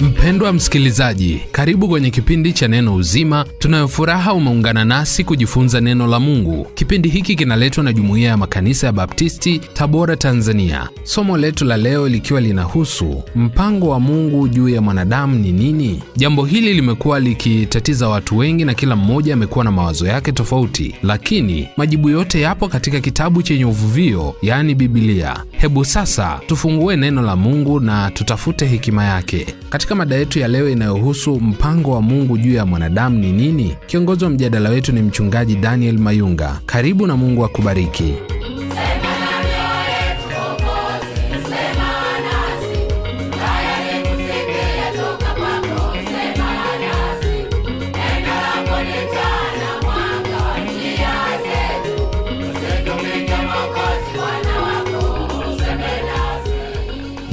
Mpendwa msikilizaji, karibu kwenye kipindi cha Neno Uzima. Tunayofuraha umeungana nasi kujifunza neno la Mungu. Kipindi hiki kinaletwa na Jumuiya ya Makanisa ya Baptisti, Tabora, Tanzania. Somo letu la leo likiwa linahusu mpango wa Mungu juu ya mwanadamu ni nini. Jambo hili limekuwa likitatiza watu wengi na kila mmoja amekuwa na mawazo yake tofauti, lakini majibu yote yapo katika kitabu chenye uvuvio, yani bibilia Hebu sasa tufungue neno la Mungu na tutafute hekima yake katika mada yetu ya leo inayohusu mpango wa Mungu juu ya mwanadamu ni nini. Kiongozi wa mjadala wetu ni Mchungaji Daniel Mayunga. Karibu na Mungu akubariki.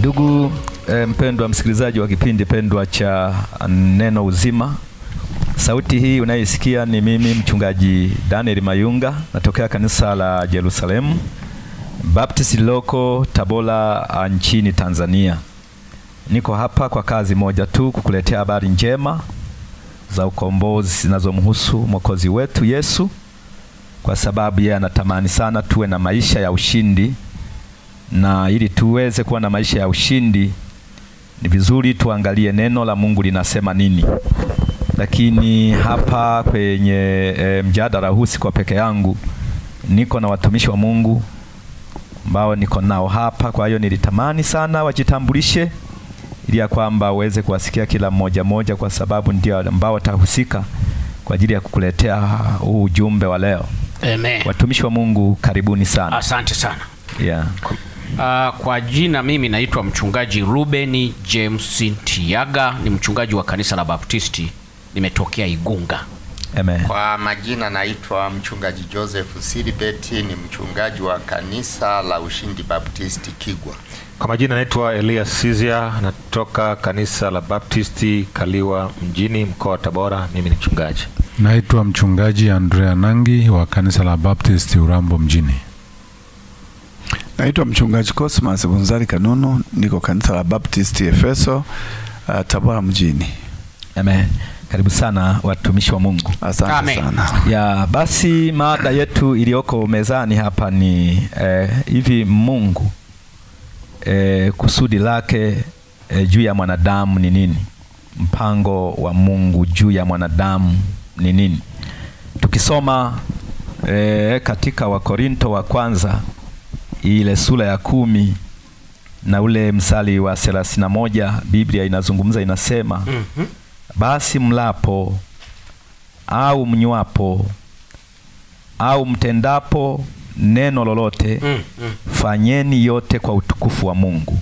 Ndugu e, mpendwa msikilizaji wa kipindi pendwa cha Neno Uzima, sauti hii unayoisikia ni mimi mchungaji Daniel Mayunga, natokea kanisa la Jerusalemu Baptist Loko Tabora ah, nchini Tanzania. Niko hapa kwa kazi moja tu, kukuletea habari njema za ukombozi zinazomhusu mwokozi wetu Yesu, kwa sababu yeye anatamani sana tuwe na maisha ya ushindi na ili tuweze kuwa na maisha ya ushindi, ni vizuri tuangalie neno la Mungu linasema nini. Lakini hapa kwenye e, mjadala huu kwa peke yangu, niko na watumishi wa Mungu ambao niko nao hapa. Kwa hiyo nilitamani sana wajitambulishe, ili ya kwamba waweze kuwasikia kila mmoja mmoja, kwa sababu ndio ambao watahusika kwa ajili ya kukuletea huu ujumbe wa leo. Amen. Watumishi wa Mungu karibuni sana. Asante sana. Yeah. Uh, kwa jina mimi naitwa mchungaji Ruben James tiaga ni mchungaji wa kanisa la Baptisti, nimetokea Igunga. Amen. Kwa majina naitwa mchungaji Joseph Silibeti, ni mchungaji wa kanisa la Ushindi Baptisti Kigwa. Kwa majina naitwa Elias Sizia, natoka kanisa la Baptisti Kaliwa mjini, mkoa wa Tabora. Mimi ni mchungaji. Naitwa mchungaji Andrea Nangi wa kanisa la Baptisti Urambo mjini. Naitwa mchungaji Cosmas Bunzali Kanunu, niko kanisa la Baptist Efeso, uh, Tabora mjini. Amen. Karibu sana watumishi wa Mungu. Asante Amen. sana. Ya, basi mada yetu iliyoko mezani hapa ni eh, hivi Mungu eh, kusudi lake eh, juu ya mwanadamu ni nini? Mpango wa Mungu juu ya mwanadamu ni nini? Tukisoma eh, katika Wakorinto wa kwanza ile sura ya kumi na ule msali wa thelathini na moja Biblia inazungumza inasema, mm -hmm. Basi mlapo au mnywapo au mtendapo neno lolote mm -hmm. fanyeni yote kwa utukufu wa Mungu.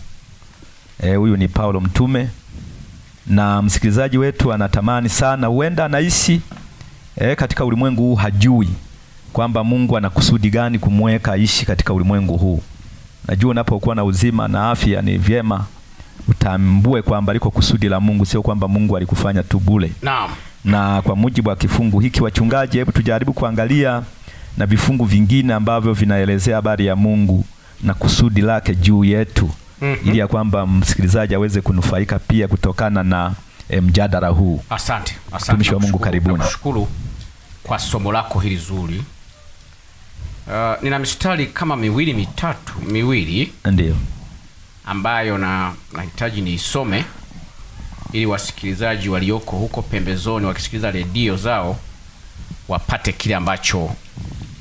E, huyu e, ni Paulo mtume, na msikilizaji wetu anatamani sana, huenda anaishi e, katika ulimwengu huu hajui kwamba Mungu ana kusudi gani kumweka aishi katika ulimwengu huu. Najua unapokuwa na uzima na afya ni vyema utambue kwamba liko kusudi la Mungu, sio kwamba Mungu alikufanya tu bure. Naam. Na kwa mujibu wa kifungu hiki, wachungaji, hebu tujaribu kuangalia na vifungu vingine ambavyo vinaelezea habari ya Mungu na kusudi lake juu yetu mm -hmm. ili ya kwamba msikilizaji aweze kunufaika pia kutokana na e, mjadala huu. Asante, asante. Tumishi wa Mungu, karibuni. Nashukuru kwa somo lako hili zuri. Uh, nina mistari kama miwili mitatu miwili ndio ambayo na nahitaji niisome ili wasikilizaji walioko huko pembezoni wakisikiliza redio zao wapate kile ambacho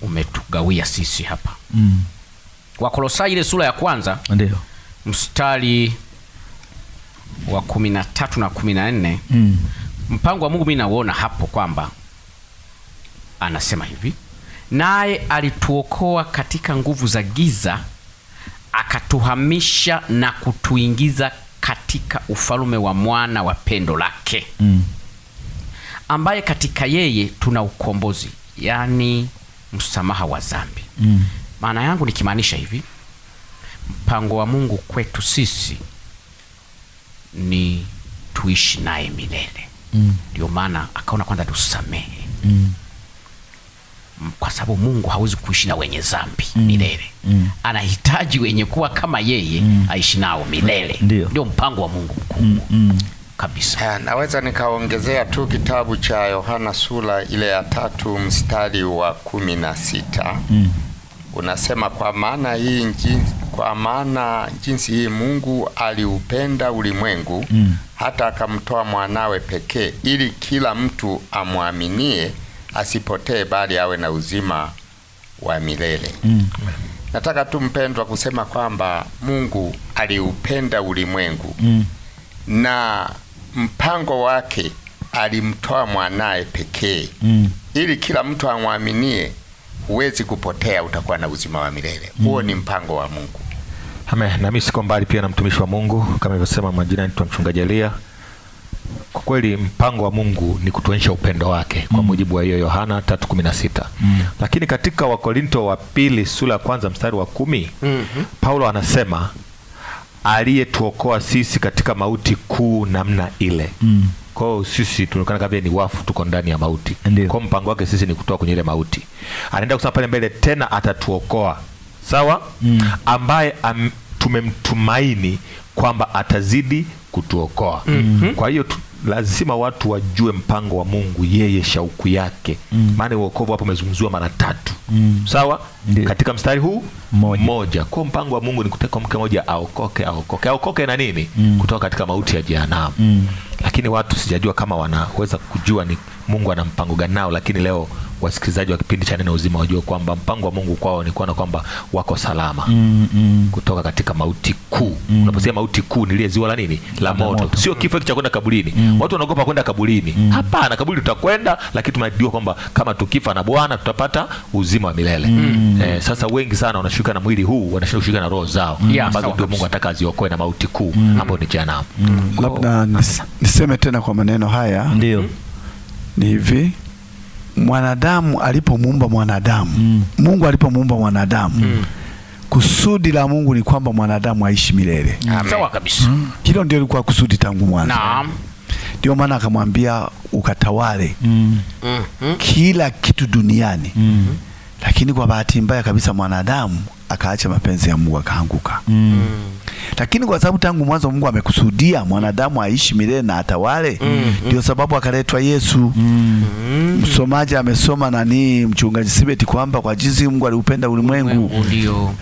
umetugawia sisi hapa mm. Wakolosai ile sura ya kwanza ndio mstari wa kumi na tatu na kumi na nne mm. Mpango wa Mungu mi nauona hapo kwamba anasema hivi naye alituokoa katika nguvu za giza, akatuhamisha na kutuingiza katika ufalume wa mwana wa pendo lake mm. ambaye katika yeye tuna ukombozi, yaani msamaha wa dhambi mm. Maana yangu nikimaanisha hivi, mpango wa Mungu kwetu sisi ni tuishi naye milele mm. ndio mm. maana akaona kwanza tusamehe mm kwa sababu Mungu hawezi kuishi na wenye zambi mm. milele mm. anahitaji wenye kuwa kama yeye mm. aishi nao milele. Ndio mpango wa Mungu mkuu mm. mm. kabisa. Ya, naweza nikaongezea tu kitabu cha Yohana sura ile ya tatu mstari wa kumi na sita mm. unasema kwa maana hii njinsi, kwa maana jinsi hii Mungu aliupenda ulimwengu mm. hata akamtoa mwanawe pekee ili kila mtu amwaminie asipotee, bali awe na uzima wa milele mm. Nataka tu mpendwa, kusema kwamba Mungu aliupenda ulimwengu mm. na mpango wake alimtoa mwanaye pekee mm. ili kila mtu amwaminie, huwezi kupotea, utakuwa na uzima wa milele mm. huo mm. ni mpango wa Mungu. Amen. Na mimi siko mbali pia na mtumishi wa Mungu kama ilivyosema majina, naitwa mchungaji Elia kwa kweli mpango wa Mungu ni kutuonyesha upendo wake kwa mm. mujibu wa hiyo Yohana 3:16. Mm. Lakini katika Wakorinto wa pili sura ya kwanza mstari wa kumi mm -hmm. Paulo anasema aliyetuokoa sisi katika mauti kuu namna ile mm. Kwa sisi tunaonekana kama ni wafu, tuko ndani ya mauti. Kwa mpango wake sisi ni kutoa kwenye ile mauti. Anaenda kusema pale mbele tena atatuokoa, sawa mm. ambaye am, tumemtumaini kwamba atazidi kutuokoa mm -hmm. Kwa hiyo lazima watu wajue mpango wa Mungu, yeye shauku yake mm. maana uokovu hapo umezungumziwa mara tatu mm. sawa Ndi. katika mstari huu moja, moja. Kwa mpango wa Mungu ni kuteka mke moja aokoke, aokoke, aokoke na nini mm. kutoka katika mauti ya jehanamu mm. lakini watu sijajua kama wanaweza kujua ni Mungu ana mpango gani nao, lakini leo wasikilizaji wa kipindi cha Neno Uzima wajue kwamba mpango wa Mungu kwao ni kuona kwamba wako salama mm, mm. kutoka katika mauti kuu mm. unaposema mauti kuu ni lile ziwa la nini la moto, moto. Sio kifo hiki cha kwenda kaburini mm. Watu wanaogopa kwenda kaburini mm. Hapana, kaburi tutakwenda, lakini tunajua kwamba kama tukifa na Bwana tutapata uzima wa milele mm. Eh, sasa wengi sana wanashirika na mwili huu wanashirika kushirika na roho zao ambazo mm. yeah, ndio Mungu anataka aziokoe na mauti kuu mm. hapo mm. ni jehanamu mm. Labda niseme tena kwa maneno haya, ndio ni hivi mwanadamu alipomuumba mwanadamu mm. Mungu alipomuumba mwanadamu mm. Kusudi la Mungu ni kwamba mwanadamu aishi milele. Sawa kabisa. Hmm? Hilo ndio lilikuwa kusudi tangu mwanzo. Naam. Ndio maana akamwambia ukatawale mm. kila kitu duniani mm. Lakini kwa bahati mbaya kabisa mwanadamu akaacha mapenzi ya Mungu akaanguka mm lakini kwa sababu tangu mwanzo Mungu amekusudia mwanadamu aishi milele na atawale, mm, mm. ndio mm. sababu akaletwa Yesu mm. mm. Msomaji amesoma nani, mchungaji Sibeti, kwamba kwa jinsi Mungu aliupenda ulimwengu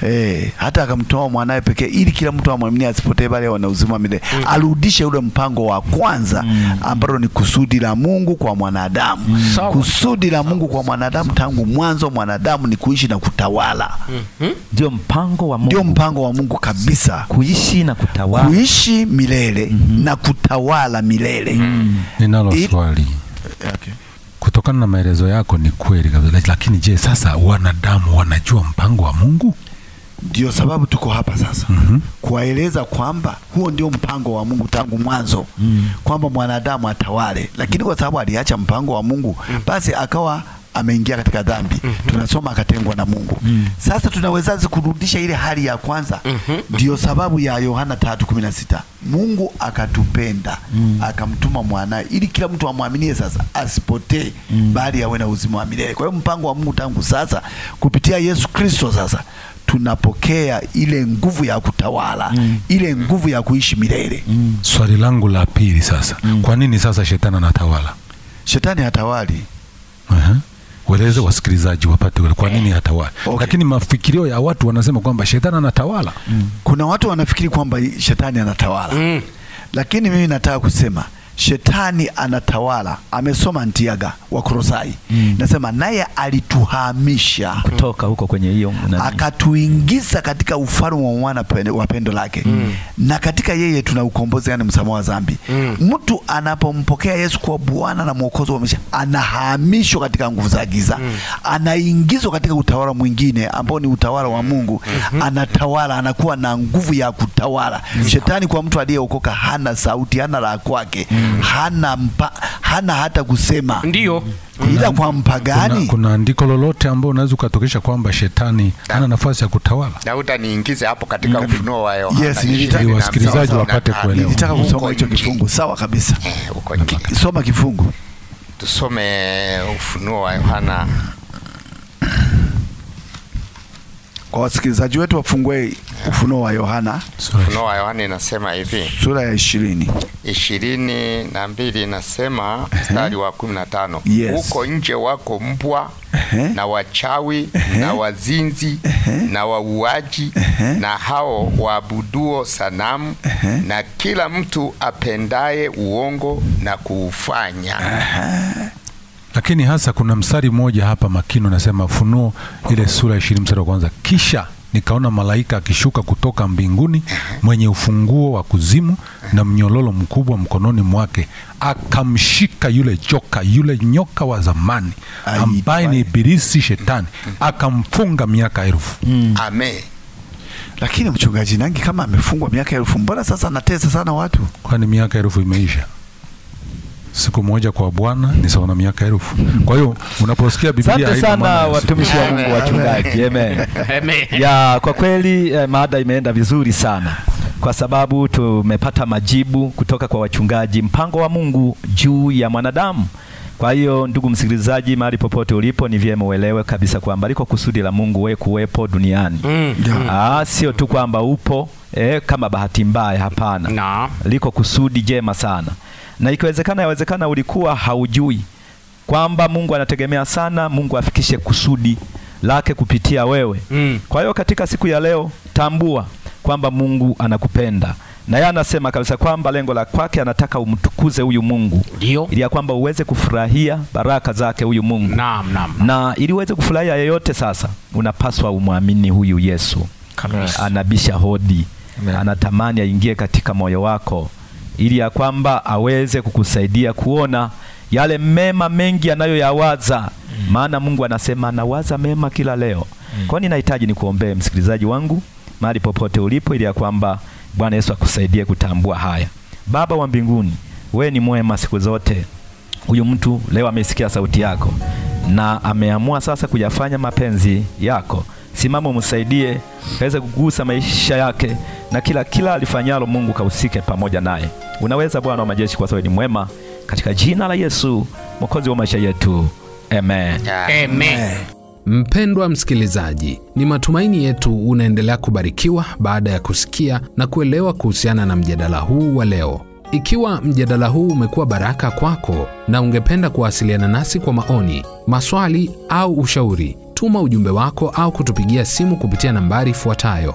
eh, hata akamtoa mwanae pekee ili kila mtu amwamini asipotee, bali awe na uzima milele mm. arudishe ule mpango wa kwanza mm. ambalo ni kusudi la Mungu kwa mwanadamu mm. kusudi la Mungu kwa mwanadamu tangu mwanzo mwanadamu ni kuishi na kutawala, mm-hmm. ndio mm -hmm. mpango wa Mungu, ndio mpango wa Mungu kabisa Kui kuishi na kutawala, kuishi milele mm -hmm. na kutawala milele mm. Ninalo swali okay. Kutokana na maelezo yako ni kweli kabisa, lakini je, sasa wanadamu wanajua mpango wa Mungu? Ndio sababu tuko hapa sasa mm -hmm. kuwaeleza kwamba huo ndio mpango wa Mungu tangu mwanzo mm. kwamba mwanadamu atawale, lakini kwa sababu aliacha mpango wa Mungu mm. basi akawa ameingia katika dhambi mm -hmm. tunasoma akatengwa na Mungu mm -hmm. Sasa tunawezazi kurudisha ile hali ya kwanza? mm -hmm. Ndio sababu ya Yohana 3:16 Mungu akatupenda mm -hmm. akamtuma mwanae ili kila mtu amwaminie sasa asipotee mm -hmm. bali awe na uzima wa milele. Kwa hiyo mpango wa Mungu tangu sasa kupitia Yesu Kristo sasa tunapokea ile nguvu ya kutawala mm. ile nguvu ya kuishi milele mm. Swali langu la pili sasa mm. kwa nini sasa shetani anatawala? Shetani hatawali uh -huh ueleze wasikilizaji wapate kwa nini hatawala. Okay. Lakini mafikirio ya watu wanasema kwamba shetani anatawala. Mm. Kuna watu wanafikiri kwamba shetani anatawala. Mm. Lakini mimi nataka kusema shetani anatawala. Amesoma Ntiaga wa Korosai mm. Nasema naye alituhamisha kutoka huko kwenye hiyo akatuingiza katika ufalme wa mwana wa pendo lake mm. na katika yeye tuna ukombozi, yani msamaha wa dhambi mm. Mtu anapompokea Yesu kwa Bwana na Mwokozi wa maisha, anahamishwa katika nguvu za giza mm. anaingizwa katika utawala mwingine ambao ni utawala wa Mungu mm -hmm. Anatawala, anakuwa na nguvu ya kutawala mm. Shetani kwa mtu aliyeokoka hana sauti, hana la kwake mm. Mm. hana, mpa, hana hata kusema ndio mm. ila kwa mpa gani? kuna andiko lolote ambao unaweza ukatokesha kwamba shetani hana nafasi ya kutawala? Na utaniingize hapo katika mm. ufunuo wa Yohana. Yes, nilitaka wasikilizaji wapate kuelewa. Nilitaka kusoma hicho kifungu. Sawa kabisa. Eh, soma kifungu. Tusome ufunuo wa Yohana. Kwa wasikilizaji wetu wafungue Ufunuo wa Yohana Ufunuo wa Yohana inasema hivi, sura ya ishirini ishirini na mbili inasema mstari wa kumi na tano huko nje wako mbwa na wachawi na wazinzi na wauaji na hao waabuduo sanamu na kila mtu apendaye uongo na kuufanya. Lakini hasa kuna mstari mmoja hapa makini unasema Ufunuo ile sura ya ishirini mstari wa kwanza kisha nikaona malaika akishuka kutoka mbinguni mwenye ufunguo wa kuzimu na mnyololo mkubwa mkononi mwake, akamshika yule joka, yule nyoka wa zamani ambaye ni Ibilisi, Shetani, akamfunga miaka elfu. Mm. Amen. Lakini mchungaji Nangi, kama amefungwa miaka elfu, mbona sasa anatesa sana watu? Kwani miaka elfu imeisha? siku moja kwa Bwana ni sawa na miaka elfu. Kwa hiyo unaposikia Biblia Asante sana watumishi wa Mungu wachungaji. Amen. Amen. Ya kwa kweli eh, mada imeenda vizuri sana kwa sababu tumepata majibu kutoka kwa wachungaji, mpango wa Mungu juu ya mwanadamu. Kwa hiyo ndugu msikilizaji, mahali popote ulipo, ni vyema uelewe kabisa kwamba liko kusudi la Mungu we kuwepo duniani mm. mm. Ah, sio tu kwamba upo eh, kama bahati mbaya, hapana no. Liko kusudi jema sana na ikiwezekana, yawezekana ulikuwa haujui kwamba Mungu anategemea sana Mungu afikishe kusudi lake kupitia wewe mm. Kwa hiyo katika siku ya leo tambua kwamba Mungu anakupenda na yeye anasema kabisa kwamba lengo la kwake anataka umtukuze huyu Mungu ndio, ili ya kwamba uweze kufurahia baraka zake huyu Mungu naam, naam, naam. Na ili uweze kufurahia yeyote, sasa unapaswa umwamini huyu Yesu Kamis. Anabisha hodi Amen. Anatamani aingie katika moyo wako ili ya kwamba aweze kukusaidia kuona yale mema mengi anayoyawaza mm. Maana Mungu anasema anawaza mema kila leo mm. Kwa nahitaji ninahitaji nikuombee msikilizaji wangu mahali popote ulipo, ili ya kwamba Bwana Yesu akusaidie kutambua haya. Baba wa mbinguni, we ni mwema siku zote. Huyu mtu leo amesikia sauti yako na ameamua sasa kuyafanya mapenzi yako. Simama, msaidie aweze kugusa maisha yake, na kila kila alifanyalo Mungu kahusike pamoja naye Unaweza Bwana wa majeshi, kwa sababu ni mwema, katika jina la Yesu mwokozi wa maisha yetu Amen. Amen. Mpendwa msikilizaji, ni matumaini yetu unaendelea kubarikiwa baada ya kusikia na kuelewa kuhusiana na mjadala huu wa leo. Ikiwa mjadala huu umekuwa baraka kwako na ungependa kuwasiliana nasi kwa maoni, maswali au ushauri, tuma ujumbe wako au kutupigia simu kupitia nambari ifuatayo